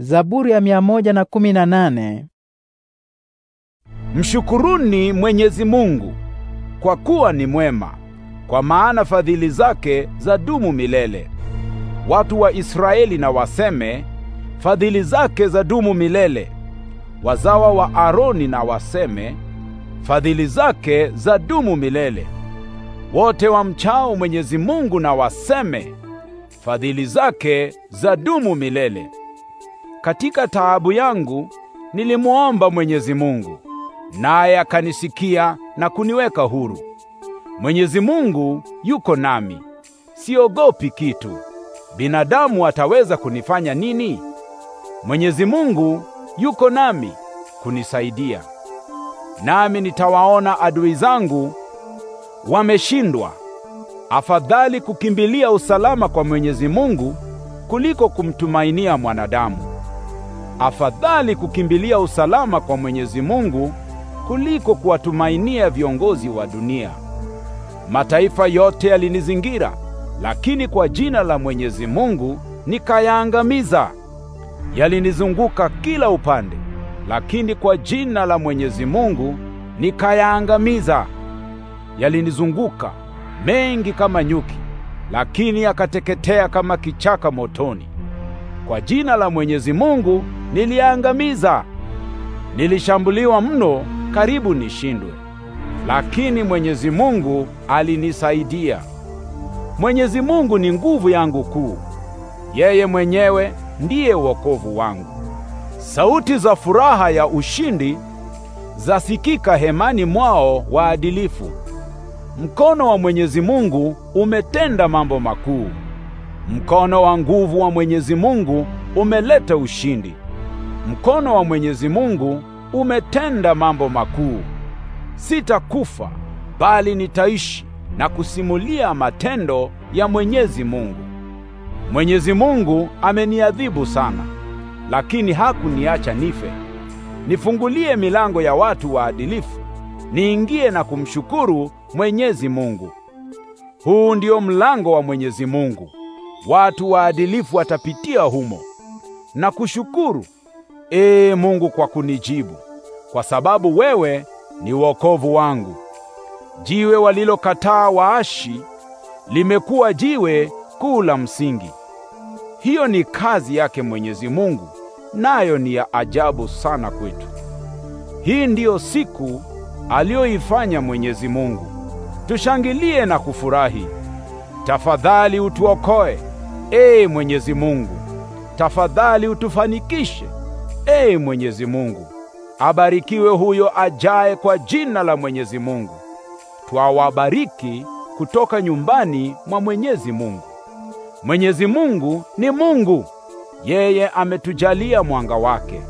Zaburi ya 118. Mshukuruni Mwenyezi Mungu kwa kuwa ni mwema, kwa maana fadhili zake zadumu milele. Watu wa Israeli na waseme, fadhili zake zadumu milele. Wazawa wa Aroni na waseme, fadhili zake zadumu milele. Wote mchao Mwenyezi Mungu na waseme, fadhili zake zadumu milele. Katika taabu yangu nilimuomba Mwenyezi Mungu, naye akanisikia na kuniweka huru. Mwenyezi Mungu yuko nami, siogopi kitu. Binadamu ataweza kunifanya nini? Mwenyezi Mungu yuko nami kunisaidia. Nami nitawaona adui zangu wameshindwa. Afadhali kukimbilia usalama kwa Mwenyezi Mungu kuliko kumtumainia mwanadamu. Afadhali kukimbilia usalama kwa Mwenyezi Mungu kuliko kuwatumainia viongozi wa dunia. Mataifa yote yalinizingira, lakini kwa jina la Mwenyezi Mungu nikayaangamiza. Yalinizunguka kila upande, lakini kwa jina la Mwenyezi Mungu nikayaangamiza. Yalinizunguka mengi kama nyuki, lakini yakateketea kama kichaka motoni kwa jina la Mwenyezi Mungu niliangamiza. Nilishambuliwa mno karibu nishindwe, lakini Mwenyezi Mungu alinisaidia. Mwenyezi Mungu ni nguvu yangu kuu, yeye mwenyewe ndiye wokovu wangu. Sauti za furaha ya ushindi zasikika hemani mwao waadilifu. Mkono wa Mwenyezi Mungu umetenda mambo makuu. Mkono wa nguvu wa Mwenyezi Mungu umeleta ushindi. Mkono wa Mwenyezi Mungu umetenda mambo makuu. Sitakufa bali nitaishi na kusimulia matendo ya Mwenyezi Mungu. Mwenyezi Mungu ameniadhibu sana, lakini hakuniacha nife. Nifungulie milango ya watu waadilifu, niingie na kumshukuru Mwenyezi Mungu. Huu ndio mlango wa Mwenyezi Mungu watu waadilifu watapitia humo. Na kushukuru ee Mungu kwa kunijibu, kwa sababu wewe ni wokovu wangu. Jiwe walilokataa waashi limekuwa jiwe kuu la msingi. Hiyo ni kazi yake Mwenyezi Mungu, nayo ni ya ajabu sana kwetu. Hii ndiyo siku aliyoifanya Mwenyezi Mungu, tushangilie na kufurahi. Tafadhali utuokoe. Ee Mwenyezi Mungu, tafadhali utufanikishe. Ee Mwenyezi Mungu, abarikiwe huyo ajaye kwa jina la Mwenyezi Mungu. Twawabariki kutoka nyumbani mwa Mwenyezi Mungu. Mwenyezi Mungu ni Mungu, yeye ametujalia mwanga wake.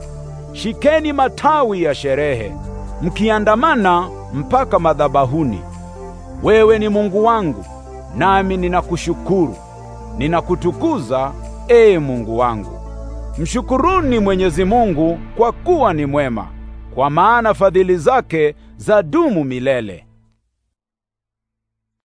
Shikeni matawi ya sherehe, mkiandamana mpaka madhabahuni. Wewe ni Mungu wangu, nami ninakushukuru. Ninakutukuza, ee Mungu wangu. Mshukuruni Mwenyezi Mungu kwa kuwa ni mwema, kwa maana fadhili zake za dumu milele.